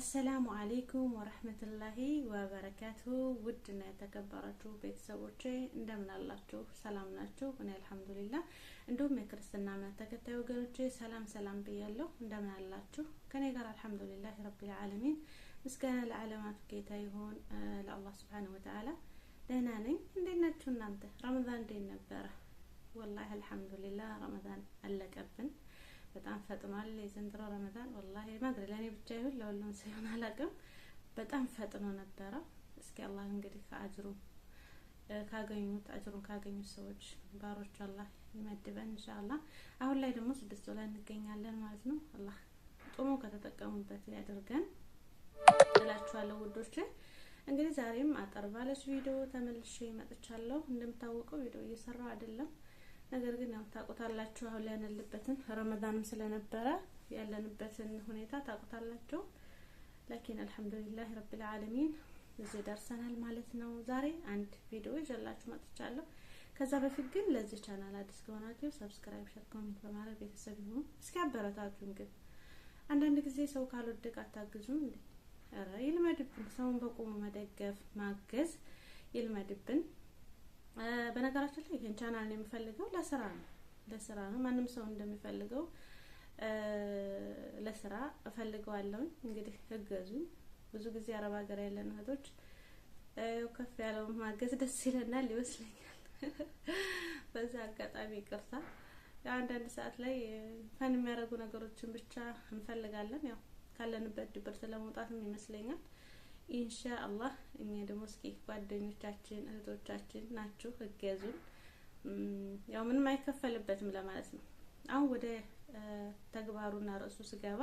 አሰላሙ አሌይኩም ወረህመቱላሂ ወበረካቱ። ውድና የተከበራችሁ ቤተሰቦች እንደምን አላችሁ? ሰላም ናችሁ? እኔ አልሐምዱሊላ እንዲሁም የክርስትና እምነት ተከታይ ወገኖች ሰላም ሰላም ብያለሁ። እንደምን አላችሁ? ከኔ ጋር አልሐምዱሊላህ ረቢል ዓለሚን። ምስጋና ለዓለማቱ ጌታ ይሁን ለአላህ ስብሓነሁ ወተዓላ። ደህና ነኝ። እንዴት ናችሁ እናንተ? ረመዛን እንዴት ነበረ? ወላሂ አልሐምዱሊላ ረመዛን አለቀብን። በጣም ፈጥኗል። የዘንድሮ ረመዳን ወላሂ ማድረ ለእኔ ብቻ ይሁን ለሁሉም ሳይሆን አላውቅም፣ በጣም ፈጥኖ ነበረ። እስኪ አላህ እንግዲህ ከአጅሩ ካገኙት አጅሩን ካገኙት ሰዎች ባሮች አላህ ይመድበን ኢንሻአላህ። አሁን ላይ ደግሞ ስድስት ላይ እንገኛለን ማለት ነው። አላህ ጥሙ ከተጠቀሙበት ያደርገን እላችኋለሁ ውዶቼ። እንግዲህ ዛሬም አጠር ባለች ቪዲዮ ተመልሼ መጥቻለሁ። እንደምታወቀው ቪዲዮ እየሰራው አይደለም ነገር ግን ያው ታቆታላችሁ አሁን ያለንበትን ረመዳንም ስለነበረ ያለንበትን ሁኔታ ታቆታላችሁ ላኪን አልሐምዱሊላህ ረብል ዓለሚን እዚህ ደርሰናል ማለት ነው። ዛሬ አንድ ቪዲዮ ይዘላችሁ መጥቻለሁ። ከዛ በፊት ግን ለዚህ ቻናል አዲስ ከሆናችሁ ሰብስክራይብ፣ ሼር፣ ኮሜንት በማድረግ ቤተሰብ ይሁኑ። እስኪ አበረታቱን። ግን አንዳንድ ጊዜ ሰው ካልወደቅ አታግዙም እንዴ? ኧረ ይልመድብን። ሰውን በቁሙ መደገፍ ማገዝ ይልመድብን። በነገራችን ላይ ይህን ቻናል ነው የምፈልገው ለስራ ነው ለስራ ነው። ማንም ሰው እንደሚፈልገው ለስራ እፈልገዋለሁ። እንግዲህ እገዙኝ። ብዙ ጊዜ አረብ ሀገር ያለን እህቶች ከፍ ያለው ማገዝ ደስ ይለናል ይመስለኛል። በዛ አጋጣሚ ይቅርታ። አንዳንድ ሰዓት ላይ ፈን የሚያደርጉ ነገሮችን ብቻ እንፈልጋለን። ያው ካለንበት ድብርት ለመውጣትም ይመስለኛል። ኢንሻ አላህ እኛ ደግሞ እስኪ ጓደኞቻችን እህቶቻችን ናችሁ እገዙን። ያው ምንም አይከፈልበትም ለማለት ነው። አሁን ወደ ተግባሩና ርዕሱ ስገባ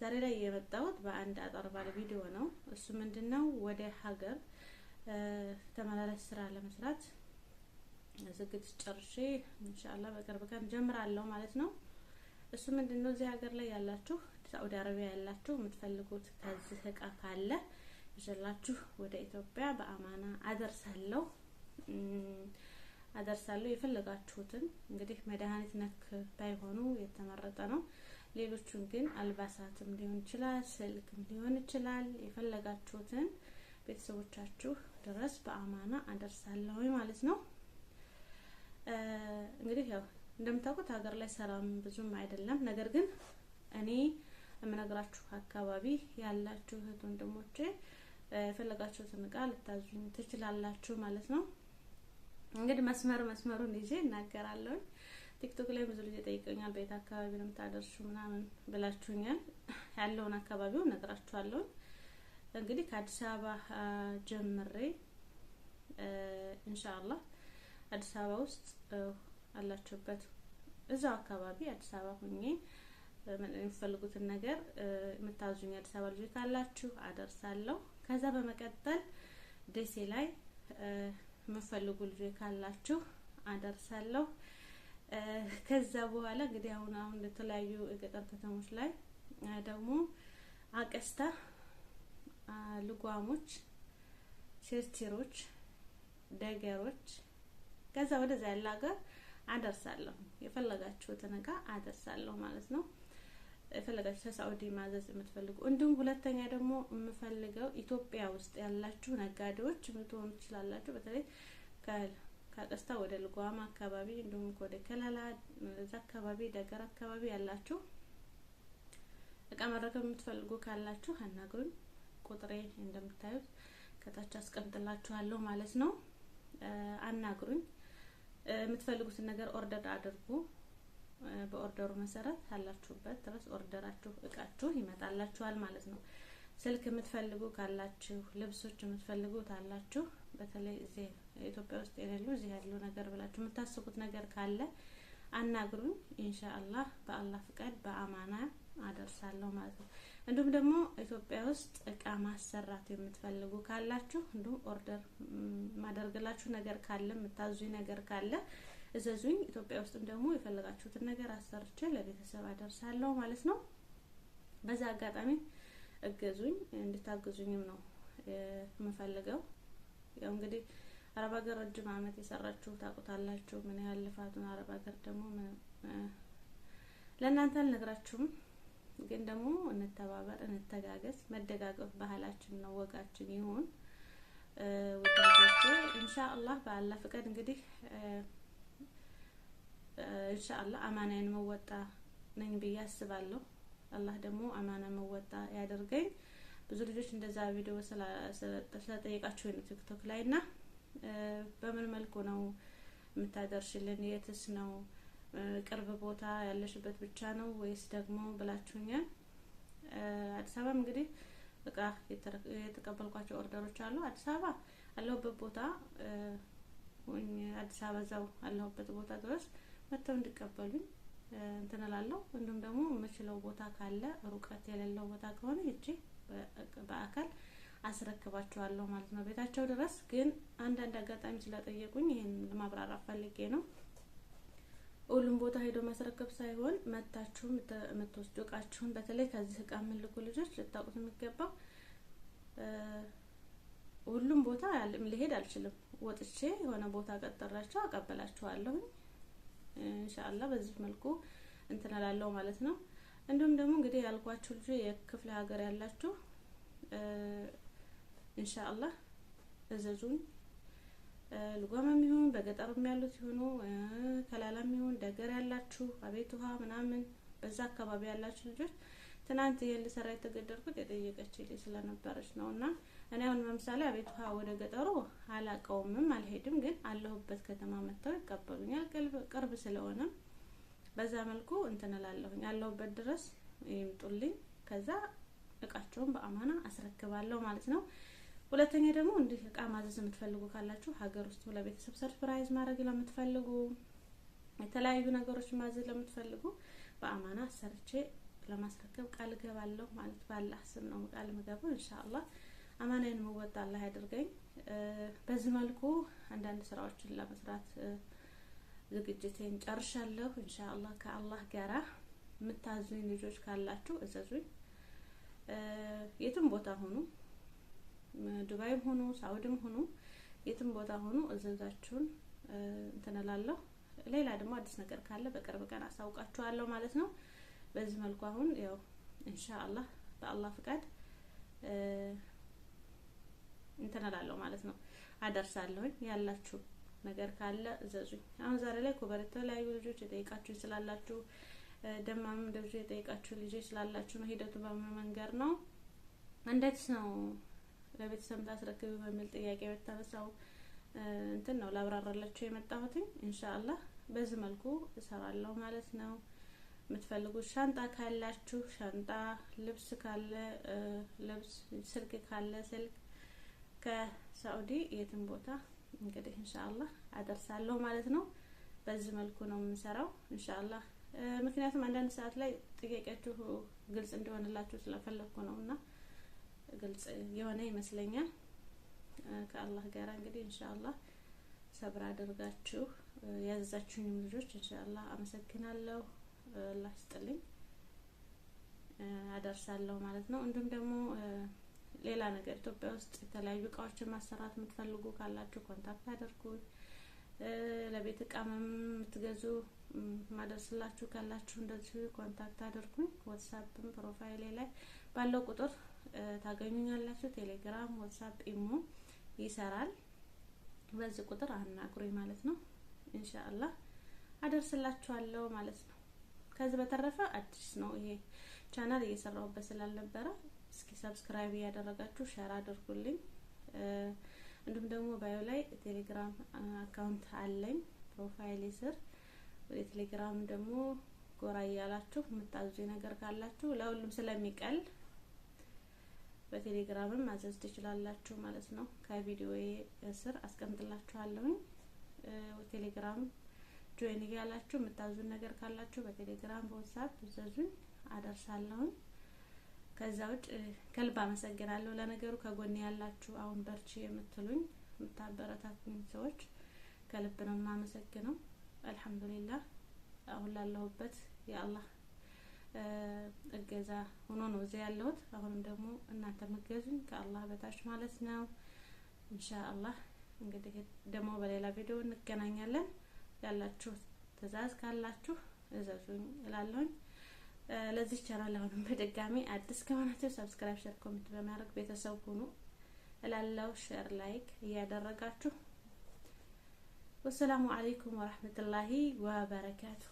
ዛሬ ላይ የመጣሁት በአንድ አጠር ባለ ቪዲዮ ነው። እሱ ምንድነው ወደ ሀገር ተመላላሽ ስራ ለመስራት ዝግጅት ጨርሼ እንሻላ በቅርብ ቀን ጀምራለሁ ማለት ነው። እሱ ምንድነው እዚህ ሀገር ላይ ያላችሁ ሳኡዲ አረቢያ ያላችሁ የምትፈልጉት ከዚህ እቃ ካለ ይዤላችሁ ወደ ኢትዮጵያ በአማና አደርሳለሁ አደርሳለሁ የፈለጋችሁትን እንግዲህ መድኃኒት ነክ ባይሆኑ የተመረጠ ነው። ሌሎቹን ግን አልባሳትም ሊሆን ይችላል፣ ስልክም ሊሆን ይችላል። የፈለጋችሁትን ቤተሰቦቻችሁ ድረስ በአማና አደርሳለሁ ማለት ነው። እንግዲህ ያው እንደምታውቁት ሀገር ላይ ሰላም ብዙም አይደለም። ነገር ግን እኔ የምነግራችሁ አካባቢ ያላችሁ እህት ወንድሞቼ የፈለጋችሁትን እቃ ልታዙኝ ትችላላችሁ ማለት ነው። እንግዲህ መስመር መስመሩን ይዤ እናገራለሁ። ቲክቶክ ላይ ብዙ ልጅ ጠይቀኛል። በየት አካባቢ ነው የምታደርሹ ምናምን ብላችሁኛል። ያለውን አካባቢው ነግራችኋለሁ። እንግዲህ ከአዲስ አበባ ጀምሬ ኢንሻአላህ አዲስ አበባ ውስጥ አላችሁበት እዛው አካባቢ አዲስ አበባ ሁኜ የምትፈልጉትን ነገር የምታዙኝ አዲስ አበባ ልጆች ካላችሁ አደርሳለሁ። ከዛ በመቀጠል ደሴ ላይ የምፈልጉ ልጆች ካላችሁ አደርሳለሁ። ከዛ በኋላ እንግዲህ አሁን አሁን የተለያዩ ገጠር ከተሞች ላይ ደግሞ አቀስታ፣ ልጓሞች፣ ችርችሮች፣ ደገሮች ከዛ ወደዛ ያለ ሀገር አደርሳለሁ። የፈለጋችሁትን እቃ አደርሳለሁ ማለት ነው። የፈለጋችሁ ከሳኡዲ ማዘዝ የምትፈልጉ እንዲሁም ሁለተኛ ደግሞ የምፈልገው ኢትዮጵያ ውስጥ ያላችሁ ነጋዴዎች ምትሆኑ ትችላላችሁ። በተለይ ከቀስታ ወደ ልጓማ አካባቢ እንዲሁም ወደ ከላላ እዛ አካባቢ ደገር አካባቢ ያላችሁ እቃ መረከብ የምትፈልጉ ካላችሁ አናግሩኝ። ቁጥሬ እንደምታዩት ከታች አስቀምጥላችኋለሁ ማለት ነው። አናግሩኝ። የምትፈልጉትን ነገር ኦርደር አድርጉ። በኦርደሩ መሰረት ካላችሁበት ድረስ ኦርደራችሁ እቃችሁ ይመጣላችኋል ማለት ነው። ስልክ የምትፈልጉ ካላችሁ፣ ልብሶች የምትፈልጉ ካላችሁ፣ በተለይ እዚህ ኢትዮጵያ ውስጥ የሌሉ እዚህ ያሉ ነገር ብላችሁ የምታስቡት ነገር ካለ አናግሩኝ። ኢንሻአላህ በአላህ ፍቃድ በአማና አደርሳለሁ ማለት ነው። እንዲሁም ደግሞ ኢትዮጵያ ውስጥ እቃ ማሰራት የምትፈልጉ ካላችሁ እንዲሁም ኦርደር ማደርግላችሁ ነገር ካለ የምታዙኝ ነገር ካለ እዘዙኝ። ኢትዮጵያ ውስጥም ደግሞ የፈለጋችሁትን ነገር አሰርቼ ለቤተሰብ አደርሳለሁ ማለት ነው። በዛ አጋጣሚ እገዙኝ፣ እንድታግዙኝም ነው የምፈልገው። ያው እንግዲህ አረብ ሀገር ረጅም አመት የሰራችሁ ታውቁታላችሁ፣ ምን ያህል ልፋቱን አረብ ሀገር ደግሞ ለእናንተ አልነግራችሁም። ግን ደግሞ እንተባበር፣ እንተጋገዝ። መደጋገፍ ባህላችን ነው፣ ወጋችን ይሁን። ውዳጆቼ ኢንሻአላህ በአላህ ፍቃድ እንግዲህ ኢንሻአላህ አማናዬን መወጣ ነኝ ብዬ አስባለሁ። አላህ ደግሞ አማና መወጣ ያደርገኝ። ብዙ ልጆች እንደዛ ቪዲዮ ስለጠየቃችሁ ነው ቲክቶክ ላይ እና በምን መልኩ ነው የምታደርሽልን? የትስ ነው ቅርብ ቦታ ያለሽበት ብቻ ነው ወይስ ደግሞ ብላችሁኛል። አዲስ አበባ እንግዲህ እቃ የተቀበልኳቸው ኦርደሮች አሉ። አዲስ አበባ አለሁበት ቦታ አዲስ አበባ እዛው አለሁበት ቦታ ድረስ መጥተው እንዲቀበሉኝ እንትን እንዲሁም ደግሞ የምችለው ቦታ ካለ ሩቀት የሌለው ቦታ ከሆነ ይቺ በአካል አስረክባቸዋለሁ ማለት ነው ቤታቸው ድረስ። ግን አንዳንድ አጋጣሚ ስለጠየቁኝ ይህን ማብራራት ፈልጌ ነው። ሁሉም ቦታ ሄዶ ማስረከብ ሳይሆን መታችሁ የምትወስዱ እቃችሁን በተለይ ከዚህ እቃ የምልኩ ልጆች ልታውቁት የሚገባው ሁሉም ቦታ ልሄድ አልችልም። ወጥቼ የሆነ ቦታ ቀጠራቸው አቀበላችኋለሁኝ። ኢንሻአላህ በዚህ መልኩ እንትን ማለት ነው። እንዲሁም ደግሞ እንግዲህ ያልኳችሁ ልጅ የክፍለ ሀገር ያላችሁ ኢንሻአላህ እዘዙኝ። ልጓምም ይሁን በገጠርም ያሉት ይሁኑ ከላላም ይሁን ደገር ያላችሁ አቤት ውሃ ምናምን በዛ አካባቢ ያላችሁ ልጆች ትናንት ይሄን ልሰራ የተገደድኩት የጠየቀች ልጅ ስለነበረች ነውና እኔ አሁን ለምሳሌ አቤት ውሃ ወደ ገጠሩ አላቀውምም አልሄድም፣ ግን አለሁበት ከተማ መጥተው ይቀበሉኛል። ቅርብ ስለሆነ በዛ መልኩ እንትን እላለሁኝ። አለሁበት ድረስ ይምጡልኝ፣ ከዛ እቃቸውን በአማና አስረክባለሁ ማለት ነው። ሁለተኛ ደግሞ እንዲህ እቃ ማዘዝ የምትፈልጉ ካላችሁ ሀገር ውስጥ ለቤተሰብ ሰርፕራይዝ ማድረግ ለምትፈልጉ የተለያዩ ነገሮች ማዘዝ ለምትፈልጉ በአማና ሰርቼ ለማስረከብ ቃል ገባለሁ ማለት ባላህ ስም ነው ቃል ምገባው ኢንሻአላህ። አማናዊን መወጣ አላህ ያድርገኝ። በዚህ መልኩ አንዳንድ ስራዎችን ለመስራት ዝግጅቴን ጨርሻለሁ። ኢንሻአላህ ከአላህ ጋራ የምታዙኝ ልጆች ካላችሁ እዘዙኝ። የትም ቦታ ሆኑ፣ ዱባይም ሆኑ፣ ሳውድም ሆኑ፣ የትም ቦታ ሆኑ እዘዛችሁን እንትን ሌላ ደግሞ አዲስ ነገር ካለ በቅርብ ቀን አሳውቃችኋለሁ ማለት ነው። በዚህ መልኩ አሁን ያው ኢንሻአላህ በአላህ ፍቃድ እንትን እላለሁ ማለት ነው። አደርሳለሁኝ ያላችሁ ነገር ካለ እዘዙኝ። አሁን ዛሬ ላይ ኮበር የተለያዩ ልጆች የጠይቃችሁ ስላላችሁ ደማም እንደዚህ የጠይቃችሁ ልጆች ስላላችሁ ነው። ሂደቱ በመንገር መንገድ ነው? እንዴት ነው ለቤተሰብ ታስረክብ በሚል ጥያቄ በተነሳው እንትን ነው ላብራራላችሁ የመጣሁትኝ። ኢንሻአላህ በዚህ መልኩ እሰራለሁ ማለት ነው። የምትፈልጉት ሻንጣ ካላችሁ ሻንጣ፣ ልብስ ካለ ልብስ፣ ስልክ ካለ ስልክ ከሳዑዲ የትን ቦታ እንግዲህ እንሻአላህ አደርሳለሁ ማለት ነው። በዚህ መልኩ ነው የምንሰራው እንሻአላህ። ምክንያቱም አንዳንድ ሰዓት ላይ ጥያቄያችሁ ግልጽ እንዲሆንላችሁ ስለፈለግኩ ነው እና ግልጽ የሆነ ይመስለኛል። ከአላህ ጋር እንግዲህ እንሻአላህ ሰብር አድርጋችሁ ያዘዛችሁኝም ልጆች ኢንሻአላህ አመሰግናለሁ። አላህ ይስጥልኝ አደርሳለሁ ማለት ነው። እንዲሁም ደግሞ ሌላ ነገር ኢትዮጵያ ውስጥ የተለያዩ እቃዎችን ማሰራት የምትፈልጉ ካላችሁ ኮንታክት አድርጉኝ። ለቤት እቃም የምትገዙ ማደርስላችሁ ካላችሁ እንደዚሁ ኮንታክት አድርጉኝ። ዋትሳፕም ፕሮፋይሌ ላይ ባለው ቁጥር ታገኙኛላችሁ። ቴሌግራም፣ ዋትሳፕ፣ ኢሞ ይሰራል። በዚህ ቁጥር አናግሩኝ ማለት ነው። ኢንሻአላህ አደርስላችኋለሁ ማለት ነው። ከዚህ በተረፈ አዲስ ነው ይሄ ቻናል እየሰራሁበት ስላልነበረ እስኪ ሰብስክራይብ እያደረጋችሁ ሸር አድርጉልኝ። እንዲሁም ደግሞ ባዮ ላይ ቴሌግራም አካውንት አለኝ ፕሮፋይል ስር ወደ ቴሌግራም ደግሞ ጎራ እያላችሁ የምታዙ ነገር ካላችሁ ለሁሉም ስለሚቀል በቴሌግራምም ማዘዝ ትችላላችሁ ማለት ነው። ከቪዲዮ ስር አስቀምጥላችኋለሁኝ። ቴሌግራም ጆይን እያላችሁ የምታዙን ነገር ካላችሁ በቴሌግራም በዋትስአፕ ዘዙኝ አደርሳለሁኝ። ከዛ ውጭ ከልብ አመሰግናለሁ። ለነገሩ ከጎን ያላችሁ አሁን በርቺ የምትሉኝ ምታበረታቱኝ ሰዎች ከልብ ነው የማመሰግነው። አልሐምዱሊላህ አሁን ላለሁበት የአላህ እገዛ ሆኖ ነው እዚያ ያለሁት። አሁንም ደግሞ እናንተ ምገዙኝ ከአላህ በታች ማለት ነው። ኢንሻአላህ እንግዲህ ደግሞ በሌላ ቪዲዮ እንገናኛለን። ያላችሁ ትዕዛዝ ካላችሁ እዘዙኝ እላለሁኝ። ለዚህ ቻናል አሁንም በድጋሚ አዲስ ከሆናችሁ ሰብስክራይብ፣ ሼር፣ ኮሜንት በማድረግ ቤተሰብ ሁኑ እላለሁ። ሼር ላይክ እያደረጋችሁ ወሰላሙ አለይኩም ወራህመቱላሂ ወበረካቱ።